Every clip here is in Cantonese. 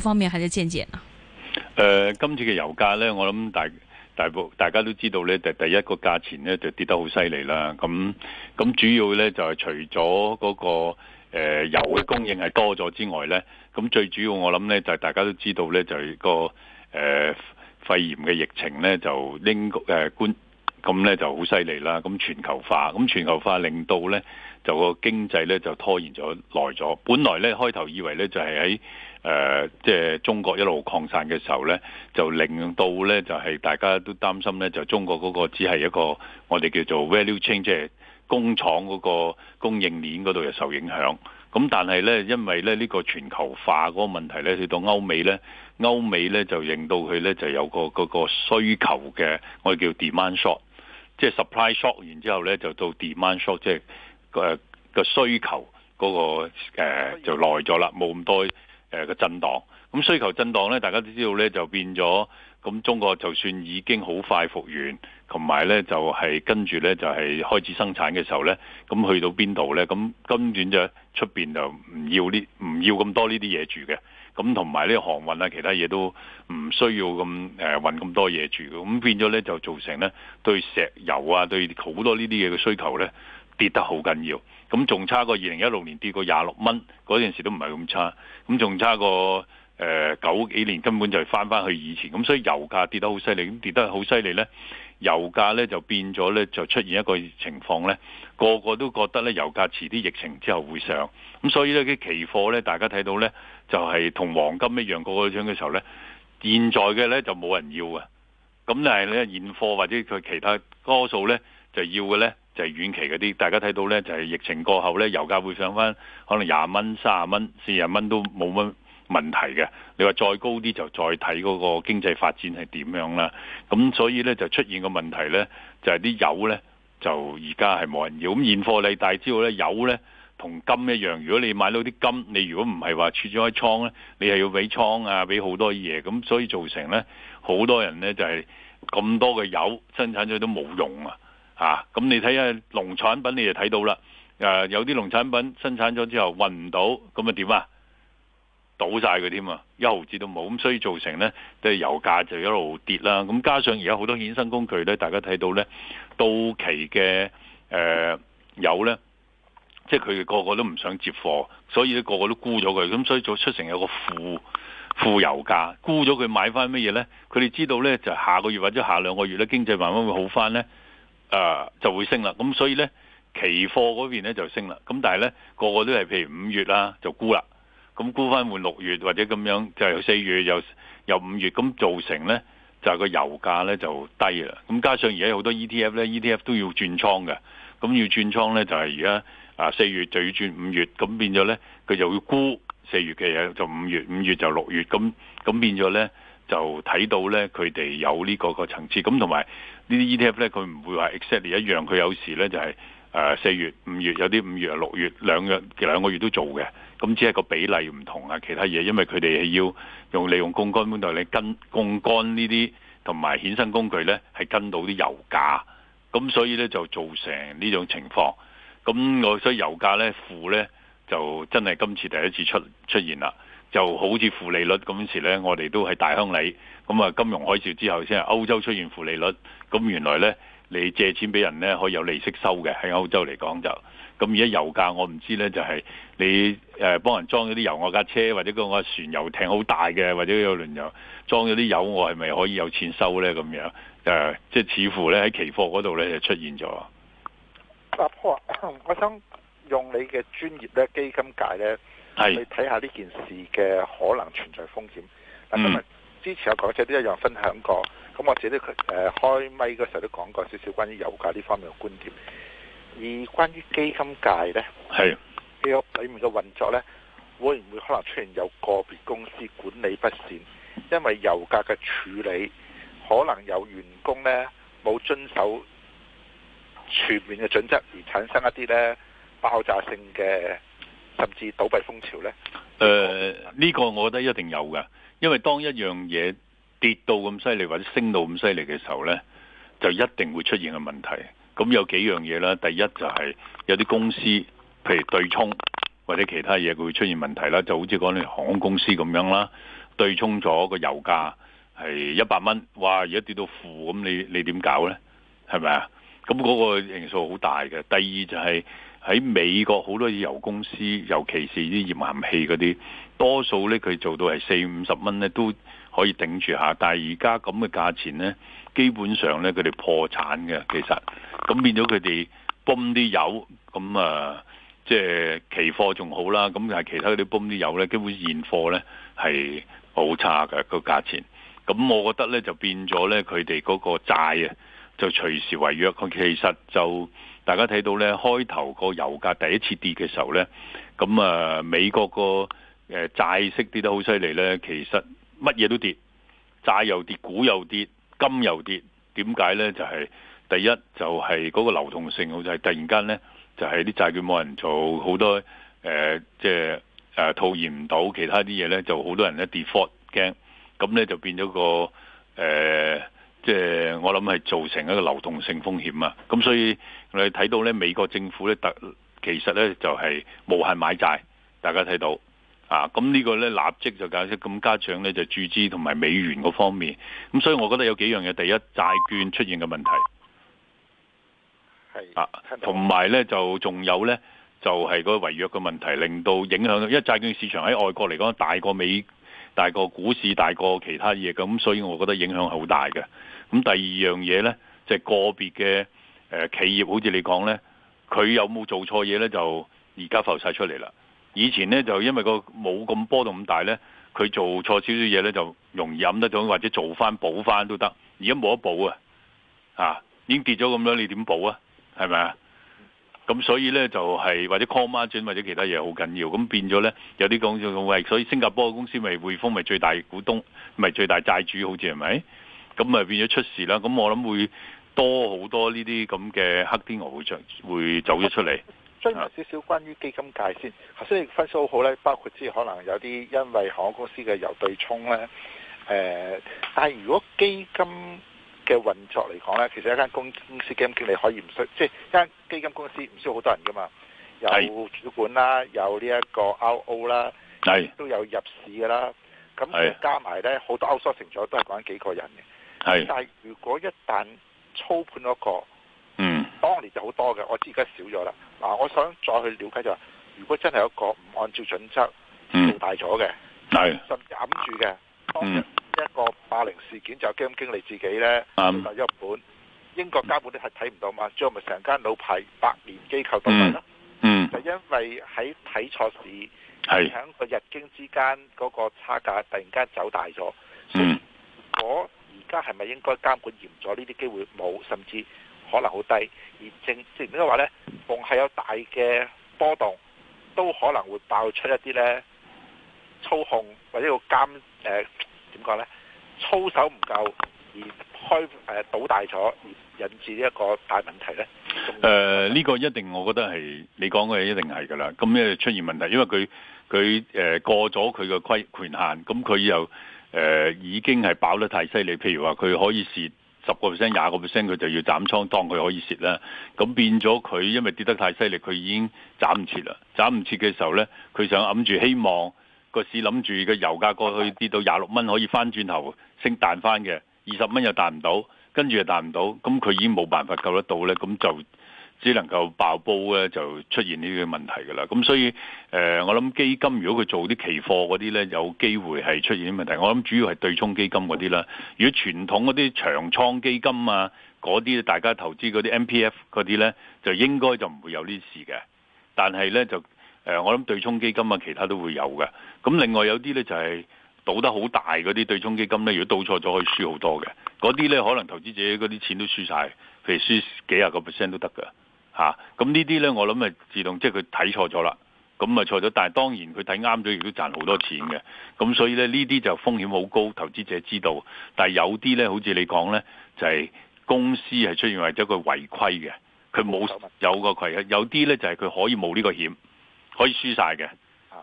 方面，還是見解呢？誒、呃，今次嘅油價呢，我諗大大部大家都知道呢，第第一個價錢呢就跌得好犀利啦。咁咁主要呢，就係、是、除咗嗰、那個誒、呃、油嘅供應係多咗之外呢，咁最主要我諗呢，就係、是、大家都知道呢，就係、是那個誒、呃、肺炎嘅疫情呢，就應誒觀咁呢就好犀利啦。咁全球化咁全，全球化令到呢，就個經濟呢就拖延咗耐咗。本來呢，開頭以為呢，就係、是、喺誒、呃，即、就、係、是、中國一路擴散嘅時候咧，就令到咧就係、是、大家都擔心咧，就中國嗰個只係一個我哋叫做 value chain，即係工廠嗰個供應鏈嗰度又受影響。咁但係咧，因為咧呢、這個全球化嗰個問題咧，去到歐美咧，歐美咧就認到佢咧就有個嗰、那個需求嘅我哋叫 demand shock，即係 supply shock，然之後咧就到 demand shock，即係個需求嗰、那個、呃、就耐咗啦，冇咁多。誒個震盪，咁需求震盪咧，大家都知道咧，就變咗咁中國就算已經好快復原，同埋咧就係、是、跟住咧就係、是、開始生產嘅時候咧，咁去到邊度咧？咁今年就出邊就唔要呢唔要咁多呢啲嘢住嘅，咁同埋呢，航運啊其他嘢都唔需要咁誒、呃、運咁多嘢住嘅，咁變咗咧就造成咧對石油啊對好多呢啲嘢嘅需求咧跌得好緊要。咁仲差過二零一六年跌過廿六蚊嗰陣時都唔係咁差，咁仲差過誒、呃、九幾年根本就係返返去以前，咁所以油價跌得好犀利，咁跌得好犀利呢，油價呢就變咗呢，就出現一個情況呢，個個都覺得呢油價遲啲疫情之後會上，咁所以呢啲期貨呢，大家睇到呢就係、是、同黃金一樣高、個個漲個嘅時候呢，現在嘅呢就冇人要嘅，咁但係呢現貨或者佢其他多數呢，就要嘅呢。就係、是、遠期嗰啲，大家睇到呢，就係、是、疫情過後呢，油價會上返可能廿蚊、卅蚊、四十蚊都冇乜問題嘅。你話再高啲就再睇嗰個經濟發展係點樣啦。咁所以呢，就出現個問題呢，就係、是、啲油呢，就而家係冇人要。咁現貨你大之後呢，油呢，同金一樣。如果你買到啲金，你如果唔係話儲咗喺倉呢，你係要畀倉啊，俾好多嘢。咁所以造成呢，好多人呢，就係、是、咁多嘅油生產咗都冇用啊。啊！咁你睇下農產品，你就睇到啦。誒，有啲農產品生產咗之後運唔到，咁咪點啊？倒晒佢添啊，一毫子都冇。咁所以造成咧，即係油價就一路跌啦。咁加上而家好多衍生工具咧，大家睇到咧，到期嘅誒、呃、油咧，即係佢哋個個都唔想接貨，所以咧個個都沽咗佢。咁所以做出成有個負負油價，沽咗佢買翻咩嘢咧？佢哋知道咧，就下個月或者下兩個月咧，經濟慢慢會好翻咧。啊、uh，就會升啦。咁所以呢，期貨嗰邊呢就升啦。咁但係呢，個個都係譬如五月啦、啊、就沽啦。咁沽翻換六月或者咁樣，就由四月又由五月咁造成呢，就個油價呢就低啦。咁加上而家好多 ETF 呢 ETF 都要轉倉嘅。咁要轉倉呢，就係而家啊四月就要轉五月，咁變咗呢，佢就會沽四月嘅就五月，五月就六月咁，咁變咗呢，就睇到呢，佢哋有呢個個層次。咁同埋。呢啲 E.T.F 咧，佢唔會話 exactly 一樣。佢有時咧就係誒四月、五月有啲，五月、六月兩月兩個月都做嘅。咁只係個比例唔同啊，其他嘢因為佢哋係要用利用槓桿管道嚟跟槓桿呢啲同埋衍生工具咧，係跟到啲油價咁，所以咧就造成呢種情況。咁我所以油價咧負咧就真係今次第一次出出現啦，就好似負利率嗰時咧，我哋都係大鄉里咁啊。金融海嘯之後先係歐洲出現負利率。咁原來呢，你借錢俾人呢，可以有利息收嘅。喺歐洲嚟講就，咁而家油價我唔知呢，就係、是、你誒幫、呃、人裝咗啲油我架車，或者個船遊艇好大嘅，或者有油輪裝咗啲油，我係咪可以有錢收呢？咁樣誒、呃，即係似乎呢，喺期貨嗰度呢，就出現咗。阿波、啊，我想用你嘅專業呢，基金界呢去睇下呢件事嘅可能存在風險。嗯、之前有講者都一樣分享過。咁或者咧，佢誒開咪嗰時候都講過少少關於油價呢方面嘅觀點。而關於基金界呢，係呢個裡面嘅運作呢，會唔會可能出現有個別公司管理不善，因為油價嘅處理可能有員工呢冇遵守全面嘅準則，而產生一啲呢爆炸性嘅，甚至倒閉風潮呢？誒、呃，呢、這個我覺得一定有嘅，因為當一樣嘢跌到咁犀利或者升到咁犀利嘅時候呢，就一定會出現嘅問題。咁有幾樣嘢啦，第一就係有啲公司，譬如對沖或者其他嘢，佢會出現問題啦。就好似講你航空公司咁樣啦，對沖咗個油價係一百蚊，哇！而家跌到負，咁你你點搞呢？係咪啊？咁嗰個因素好大嘅。第二就係喺美國好多油公司，尤其是啲頁岩氣嗰啲，多數呢，佢做到係四五十蚊呢都可以頂住下，但係而家咁嘅價錢呢，基本上呢，佢哋破產嘅，其實咁變咗佢哋泵啲油，咁啊即係期貨仲好啦，咁但係其他嗰啲泵啲油呢，基本現貨呢係好差嘅個價錢。咁我覺得呢，就變咗呢，佢哋嗰個債啊，就隨時違約。佢其實就大家睇到呢，開頭個油價第一次跌嘅時候呢，咁啊美國個誒、呃、債息跌得好犀利呢，其實。乜嘢都跌，債又跌，股又跌，金又跌。點解呢？就係第一就係嗰個流動性，就係突然間呢就係啲債券冇人做，好多誒即係誒套現唔到，其他啲嘢呢就好多人呢 default 驚，咁呢就變咗個誒即係我諗係造成一個流動性風險啊。咁所以我哋睇到呢美國政府呢特其實呢就係無限買債，大家睇到。啊，咁呢個咧立即就解釋，咁加上咧就係、注資同埋美元嗰方面，咁所以我覺得有幾樣嘢，第一債券出現嘅問題，係同埋呢就仲有呢，就係、就係、個違約嘅問題，令到影響，因為債券市場喺外國嚟講大過美大過股市大過其他嘢，咁所以我覺得影響好大嘅。咁第二樣嘢呢，就係、個別嘅、呃、企業，好似你講呢，佢有冇做錯嘢呢？就而家浮晒出嚟啦。以前咧就因為個冇咁波動咁大咧，佢做錯少少嘢咧就容易揾得咗，或者做翻補翻都得。而家冇得補啊，啊已經跌咗咁樣，你點補啊？係咪啊？咁所以咧就係、是、或者 call margin 或者其他嘢好緊要。咁變咗咧有啲講就話，所以新加坡嘅公司咪、就是、匯豐咪最大股東，咪最大債主好似係咪？咁咪變咗出事啦。咁我諗會多好多呢啲咁嘅黑天鵝會出會走咗出嚟。追埋少少關於基金界先，頭先分析好咧，包括之可能有啲因為航空公司嘅油對沖咧，誒、呃，但係如果基金嘅運作嚟講咧，其實一間公，公司基金經理可以唔需要，即係一間基金公司唔需要好多人噶嘛，有主管啦，有呢一個 RO 啦，係都有入市噶啦，咁、嗯、加埋咧好多 Outsource 成咗都係講緊幾個人嘅，係，但係如果一旦操盤嗰個，嗯，當年就好多嘅，我知而家少咗啦。啊！我想再去了解就係、是，如果真係有一個唔按照準則做、嗯、大咗嘅，係甚至掩住嘅，當日一個霸凌事件、嗯、就基金經理自己咧，賺、嗯、一大本，英國監管你係睇唔到嘛？最後咪成間老牌百年機構都係咯？嗯，就因為喺睇錯事，係響個日經之間嗰個差價突然間走大咗，嗯，所以我而家係咪應該監管嚴咗？呢啲機會冇，甚至。可能好低，而正正呢個話咧，逢係有大嘅波動，都可能會爆出一啲咧操控或者個監誒點講咧，操守唔夠而開誒賭、呃、大咗，而引致呢一個大問題咧。誒呢、呃這個一定，我覺得係你講嘅一定係㗎啦。咁因為出現問題，因為佢佢誒過咗佢嘅規權限，咁佢又誒、呃、已經係爆得太犀利。譬如話佢可以蝕。十個 percent、廿個 percent，佢就要斬倉，當佢可以蝕啦。咁變咗佢，因為跌得太犀利，佢已經斬唔切啦。斬唔切嘅時候呢，佢想揞住希望個市，諗住個油價過去跌到廿六蚊可以翻轉頭升彈翻嘅，二十蚊又彈唔到，跟住又彈唔到，咁佢已經冇辦法救得到呢。咁就。只能夠爆煲咧，就出現呢個問題噶啦。咁所以誒、呃，我諗基金如果佢做啲期貨嗰啲咧，有機會係出現啲問題。我諗主要係對沖基金嗰啲啦。如果傳統嗰啲長倉基金啊，嗰啲大家投資嗰啲 M P F 嗰啲咧，就應該就唔會有呢事嘅。但係咧就誒、呃，我諗對沖基金啊，其他都會有嘅。咁另外有啲咧就係、是、賭得好大嗰啲對沖基金咧，如果賭錯咗，可以輸好多嘅。嗰啲咧可能投資者嗰啲錢都輸晒，譬如輸幾廿個 percent 都得㗎。咁、啊、呢啲咧，我諗咪自動即係佢睇錯咗啦。咁咪錯咗，但係當然佢睇啱咗，亦都賺好多錢嘅。咁所以咧，呢啲就風險好高，投資者知道。但係有啲咧，好似你講咧，就係、是、公司係出現為咗佢違規嘅，佢冇有，有個規有啲咧就係、是、佢可以冒呢個險，可以輸晒嘅。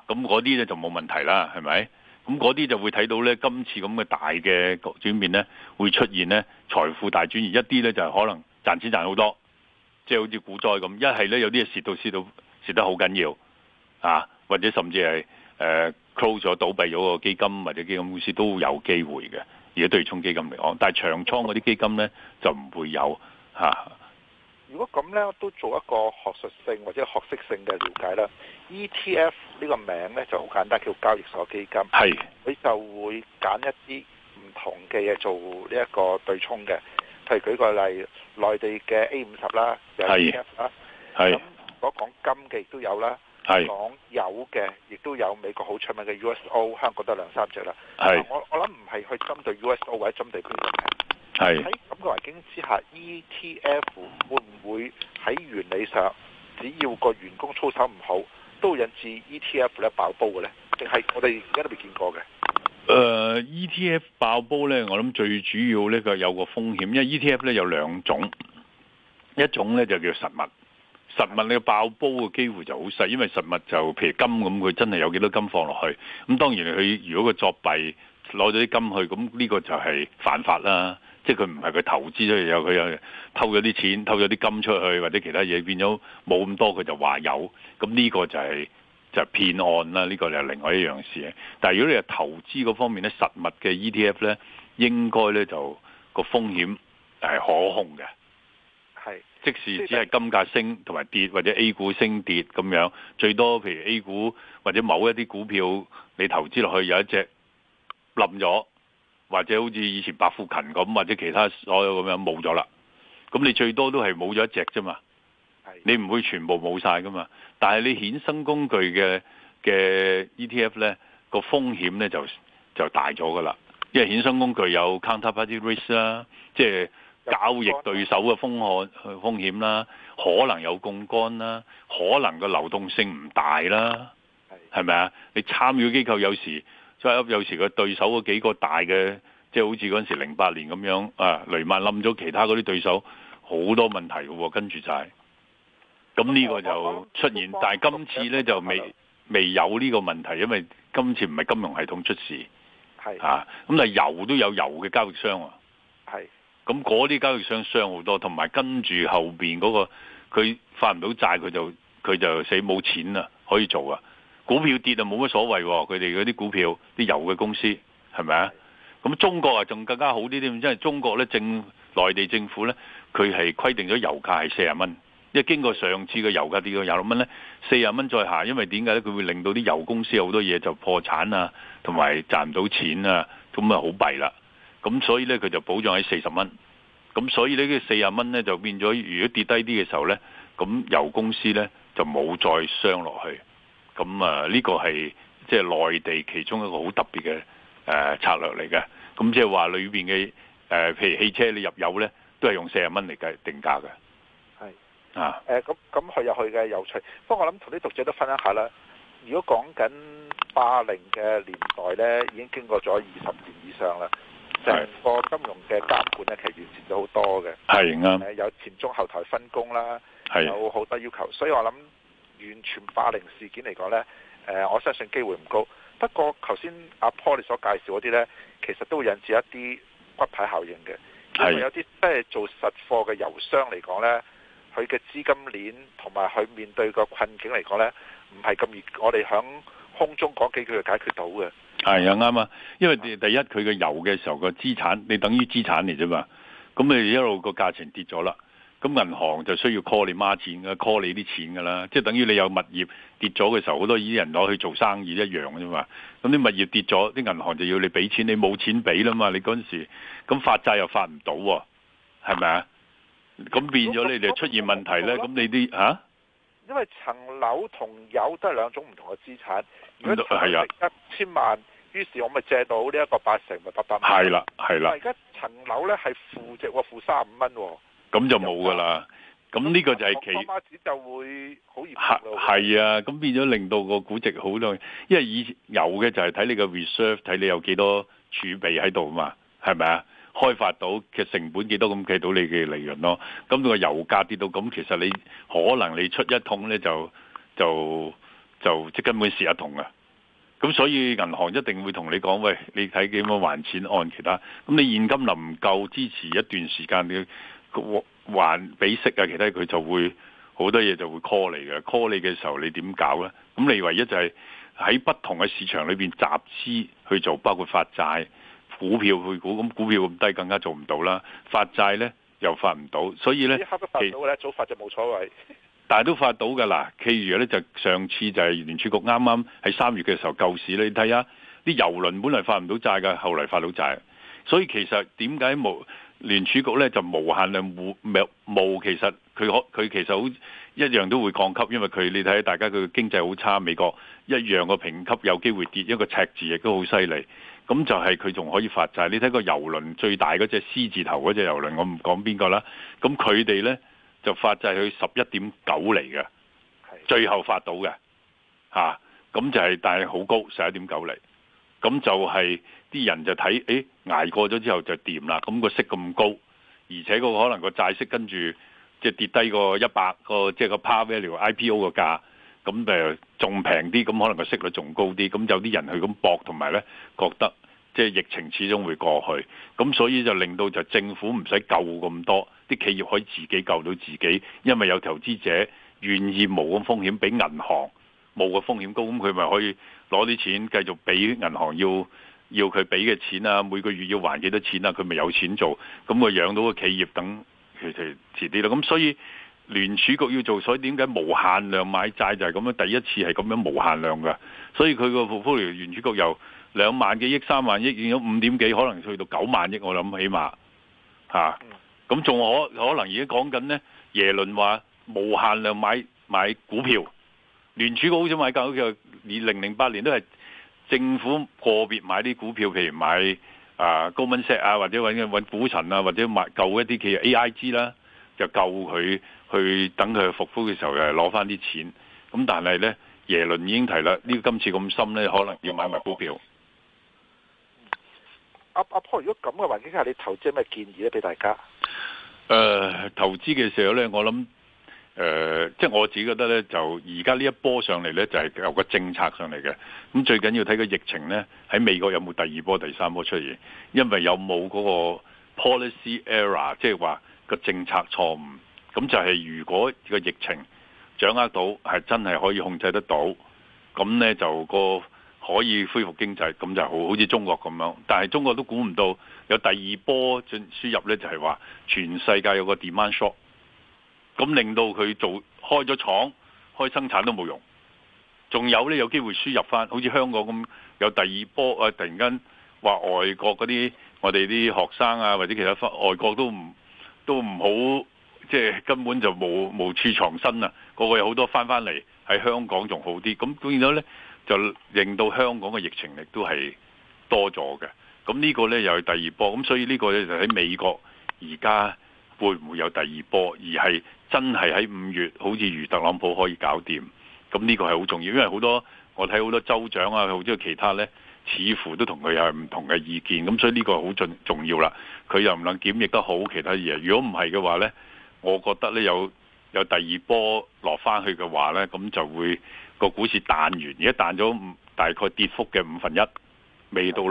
咁嗰啲咧就冇問題啦，係咪？咁嗰啲就會睇到咧，今次咁嘅大嘅轉變咧，會出現咧財富大轉移。一啲咧就係、是、可能賺錢賺好多。即係好似股災咁，一係咧有啲嘢蝕到蝕到蝕得好緊要啊，或者甚至係誒、呃、close 咗倒閉咗個基金或者基金公司都有機會嘅，而家對沖基金嚟講，但係長倉嗰啲基金咧就唔會有嚇、啊。如果咁咧，都做一個學術性或者學識性嘅了解啦。ETF 呢個名咧就好簡單，叫交易所基金，係佢就會揀一啲唔同嘅嘢做呢一個對沖嘅。係舉個例，內地嘅 A 五十啦，有 ETF 啦，咁所講金嘅亦都有啦，香港有嘅亦都有，美國好出名嘅 USO，香港都有兩三隻啦。我我諗唔係去針對 USO 或者針對佢嘅。喺咁嘅環境之下，ETF 會唔會喺原理上，只要個員工操守唔好，都會引致 ETF 咧爆煲嘅咧？定係我哋而家都未見過嘅？誒、uh,，ETF 爆煲咧，我諗最主要呢個有個風險，因為 ETF 咧有兩種，一種咧就叫實物，實物你爆煲嘅機會就好細，因為實物就譬如金咁，佢真係有幾多金放落去。咁當然佢如果個作弊攞咗啲金去，咁呢個就係犯法啦。即係佢唔係佢投資咗有，佢有偷咗啲錢、偷咗啲金出去或者其他嘢，變咗冇咁多，佢就話有。咁呢個就係、是。就係騙案啦，呢個又另外一樣事。但如果你係投資嗰方面咧，實物嘅 ETF 咧，應該咧就個風險係可控嘅。係，即使只係金價升同埋跌，或者 A 股升跌咁樣，最多譬如 A 股或者某一啲股票你投資落去有一隻冧咗，或者好似以前百富勤咁，或者其他所有咁樣冇咗啦，咁你最多都係冇咗一隻啫嘛。你唔會全部冇晒噶嘛？但係你衍生工具嘅嘅 ETF 咧個風險咧就就大咗噶啦，因為衍生工具有 counterparty risk 啦，即係交易對手嘅風險風險啦，可能有槓桿啦，可能個流動性唔大啦，係咪啊？你參與機構有時即係有時個對手嗰幾個大嘅，即係好似嗰陣時零八年咁樣啊，雷曼冧咗，其他嗰啲對手好多問題㗎喎，跟住就係。咁呢個就出現，但係今次呢就未未有呢個問題，因為今次唔係金融系統出事，係啊，咁但油都有油嘅交易商啊，係，咁嗰啲交易商傷好多，同埋跟住後面嗰、那個佢發唔到債，佢就佢就死冇錢啦，可以做啊，股票跌啊冇乜所謂喎，佢哋嗰啲股票啲油嘅公司係咪啊？咁中國啊仲更加好啲添，因為中國呢，政內地政府呢，佢係規定咗油價係四十蚊。即係經過上次嘅油價跌到廿六蚊咧，四十蚊再下，因為點解咧？佢會令到啲油公司好多嘢就破產啊，同埋賺唔到錢啊，咁啊好弊啦。咁所以咧，佢就保障喺四十蚊。咁所以呢啲四十蚊咧就變咗，如果跌低啲嘅時候咧，咁油公司咧就冇再傷落去。咁啊，呢個係即係內地其中一個好特別嘅誒、呃、策略嚟嘅。咁即係話裏邊嘅誒，譬如汽車你入油咧，都係用四十蚊嚟計定價嘅。啊，咁、呃、咁去入去嘅有趣，不過我諗同啲讀者都分享一下啦。如果講緊霸菱嘅年代咧，已經經過咗二十年以上啦，成個金融嘅監管咧其實完善咗好多嘅。係啊，有前中後台分工啦，有好多要求，所以我諗完全霸菱事件嚟講咧、呃，我相信機會唔高。不過頭先阿 Paul 所介紹嗰啲咧，其實都會引致一啲骨牌效應嘅，因為有啲即係做實貨嘅油商嚟講咧。佢嘅資金鏈同埋佢面對個困境嚟講呢，唔係咁易。我哋響空中講幾句就解決到嘅。係啊！啱啊！因為第一佢嘅油嘅時候個資產，你等於資產嚟啫嘛。咁你一路個價錢跌咗啦。咁銀行就需要 call 你孖錢啊，call 你啲錢㗎啦。即係等於你有物業跌咗嘅時候，好多呢啲人攞去做生意一樣㗎啫嘛。咁啲物業跌咗，啲銀行就要你俾錢，你冇錢俾啦嘛。你嗰陣時咁發債又發唔到，係咪啊？咁變咗你哋出現問題咧，咁你啲嚇？因為層樓同油都係兩種唔同嘅資產。如果係啊，一千萬，係係係，於是我咪借到呢一個八成，咪八百萬。係啦，係啦。而家層樓咧係負值喎，負三十五蚊喎，咁、嗯、就冇噶啦。咁呢個就係、是、企，就會好熱。係係啊，咁變咗令到個估值好多，因為以前有嘅就係睇你嘅 reserve，睇你有幾多儲備喺度啊嘛，係咪啊？開發到嘅成本幾多咁計到你嘅利潤咯？咁、嗯、個油價跌到咁，其實你可能你出一桶咧就就就，就即根本蝕一桶啊！咁、嗯、所以銀行一定會同你講，喂，你睇點樣還錢按其他。嗯」咁你現金能夠支持一段時間，你還俾息啊？其他佢就會好多嘢就會 call 你嘅 call 你嘅時候你，你點搞咧？咁你唯一就係喺不同嘅市場裏面集資去做，包括發債。股票配股，咁股票咁低更加做唔到啦，發債咧又發唔到，所以咧即刻都發到嘅咧，早發就冇所謂。 但係都發到嘅啦，譬如咧就上次就係聯儲局啱啱喺三月嘅時候救市咧，你睇下啲郵輪本嚟發唔到債嘅，後嚟發到債。所以其實點解無聯儲局咧就無限量冇，其實佢可佢其實好一樣都會降級，因為佢你睇大家個經濟好差，美國一樣個評級有機會跌，一個赤字亦都好犀利。咁就係佢仲可以發債，你睇個郵輪最大嗰隻獅字頭嗰隻郵輪，我唔講邊個啦。咁佢哋呢，就發債去十一點九厘嘅，最後發到嘅嚇。咁、啊、就係、是、但係好高十一點九厘。咁就係、是、啲人就睇，誒、哎、捱過咗之後就掂啦。咁、那個息咁高，而且個可能個債息跟住即係跌低個一百個即係個 par value IPO 個價。咁誒仲平啲，咁可能個息率仲高啲，咁有啲人去咁搏，同埋咧覺得即係疫情始終會過去，咁所以就令到就政府唔使救咁多，啲企業可以自己救到自己，因為有投資者願意冇咁風險俾銀行，冇個風險高，咁佢咪可以攞啲錢繼續俾銀行要要佢俾嘅錢啊，每個月要還幾多錢啊，佢咪有錢做，咁佢養到個企業等佢哋遲啲咯，咁所以。聯儲局要做，所以點解無限量買債就係咁樣？第一次係咁樣無限量嘅，所以佢個負負聯聯儲局由兩萬幾億、三萬億變咗五點幾，可能去到九萬億，我諗起碼嚇。咁、啊、仲可可能而家講緊呢，耶倫話無限量買買股票，聯儲局好似買舊股票，二零零八年都係政府個別買啲股票，譬如買啊高敏石啊，或者揾揾股神啊，或者買舊一啲企業 AIG 啦、啊，就救佢。去等佢復甦嘅時候，又係攞翻啲錢。咁但係呢，耶倫已經提啦，呢個今次咁深呢可能要買埋股票。阿、啊、阿、阿 Paul，如果咁嘅環境下，你投資有咩建議呢？俾大家。誒、呃，投資嘅時候呢，我諗誒、呃，即我自己覺得呢，就而家呢一波上嚟呢，就係、是、有個政策上嚟嘅。咁、嗯、最緊要睇個疫情呢，喺美國有冇第二波、第三波出現？因為有冇嗰個 policy error，即係話個政策錯誤。咁就係如果呢個疫情掌握到係真係可以控制得到，咁呢就個可以恢復經濟，咁就好好似中國咁樣。但係中國都估唔到有第二波進輸入呢就係話全世界有個 demand shock，咁令到佢做開咗廠開生產都冇用。仲有呢，有機會輸入返，好似香港咁有第二波啊！突然間話外國嗰啲我哋啲學生啊，或者其他外國都唔都唔好。即係根本就無無處藏身啊！個個有好多翻翻嚟喺香港仲好啲，咁變咗呢，就令到香港嘅疫情亦都係多咗嘅。咁呢個呢，又係第二波，咁所以呢個呢，就喺美國而家會唔會有第二波，而係真係喺五月好似如特朗普可以搞掂？咁呢個係好重要，因為好多我睇好多州長啊，好似其他呢，似乎都同佢有唔同嘅意見。咁所以呢個好重要啦。佢又唔能檢疫得好，其他嘢，如果唔係嘅話呢。我覺得咧有有第二波落翻去嘅話咧，咁就會個股市彈完，而家彈咗大概跌幅嘅五分一，未到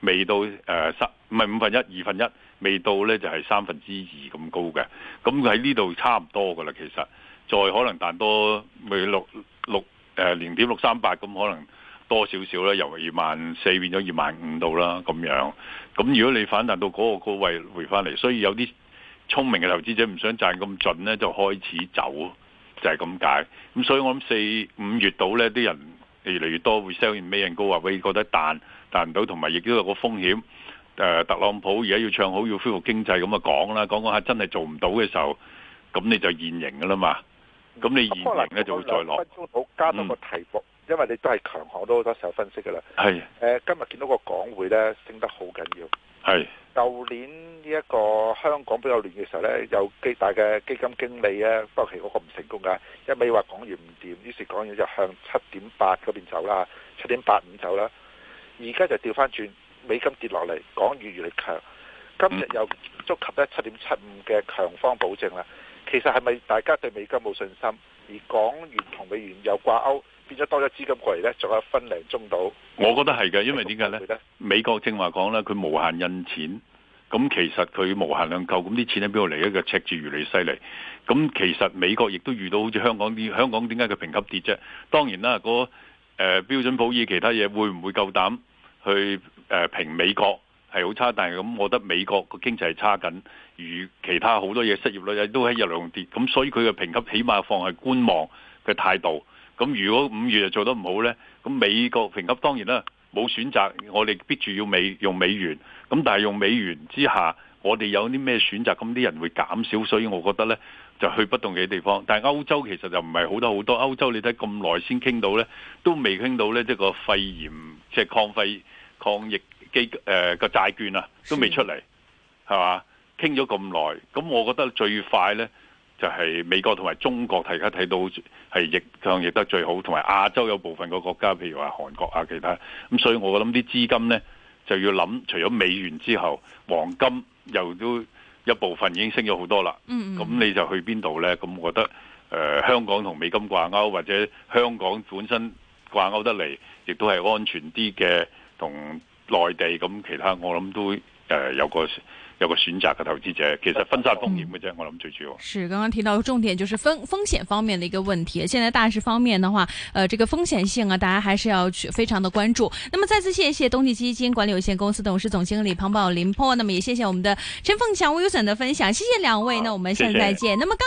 未到誒、呃、十唔係五分一二分一，未到咧就係三分之二咁高嘅，咁佢喺呢度差唔多噶啦。其實再可能彈多未六六誒零點六三八，咁、呃、可能多少少咧，由二萬四變咗二萬五度啦咁樣。咁如果你反彈到嗰個高位回翻嚟，所以有啲。聰明嘅投資者唔想賺咁盡咧，就開始走，就係咁解。咁所以我諗四五月到咧，啲人越嚟越多會 sell，in May and go away，或者會覺得彈彈唔到，同埋亦都有個風險。誒，特朗普而家要唱好，要恢復經濟咁啊講啦，講講下真係做唔到嘅時候，咁你就現形噶啦嘛。咁你現形咧就會再落。加多個題目、嗯，因為你都係強項，都好多時候分析噶啦、呃。今日見到個港匯咧升得好緊要。係，舊年呢一個香港比較亂嘅時候呢，有幾大嘅基金經理啊，不過其嗰個唔成功噶，一味話港元唔掂，於是港元就向七點八嗰邊走啦，七點八五走啦。而家就掉返轉，美金跌落嚟，港元越嚟強。今日又觸及得七點七五嘅強方保證啦。其實係咪大家對美金冇信心，而港元同美元又掛鈎？變咗多咗資金過嚟咧，仲有分零鐘到。我覺得係嘅，因為點解咧？美國正話講咧，佢無限印錢，咁其實佢無限量購，咁啲錢喺邊度嚟？一個赤字越嚟越犀利，咁其實美國亦都遇到好似香港啲香港點解佢評級跌啫？當然啦，個誒標準普爾其他嘢會唔會夠膽去誒評美國係好差？但係咁，我覺得美國個經濟係差緊，與其他好多嘢失業率都係一樣跌，咁所以佢嘅評級起碼放喺觀望嘅態度。咁如果五月就做得唔好呢？咁美國評級當然啦，冇選擇，我哋逼住要美用美元。咁但係用美元之下，我哋有啲咩選擇？咁啲人會減少，所以我覺得呢就去不同嘅地方。但係歐洲其實就唔係好多好多。歐洲你睇咁耐先傾到呢，都未傾到呢。即係個肺炎即係抗肺抗疫機誒個債券啊，都未出嚟，係嘛？傾咗咁耐，咁我覺得最快呢。就係、是、美國同埋中國大家睇到係逆向逆得最好，同埋亞洲有部分個國家，譬如話韓國啊，其他咁，所以我諗啲資金呢，就要諗，除咗美元之後，黃金又都一部分已經升咗好多啦。咁、mm-hmm. 你就去邊度呢？咁我覺得誒、呃、香港同美金掛鈎，或者香港本身掛鈎得嚟，亦都係安全啲嘅，同內地咁其他我諗都誒、呃、有個。有個選擇嘅投資者，其實分散風險嘅啫，我諗最主要，是剛剛提到重點，就是風風險方面的一個問題。現在大市方面的話，呃，這個風險性啊，大家還是要去非常的關注。那麼再次謝謝東驥基金管理有限公司董事總經理龐寶林坡，那麼也謝謝我們的陳鳳強 Wilson 的分享，謝謝兩位，那我們下次再見，謝謝。那麼剛。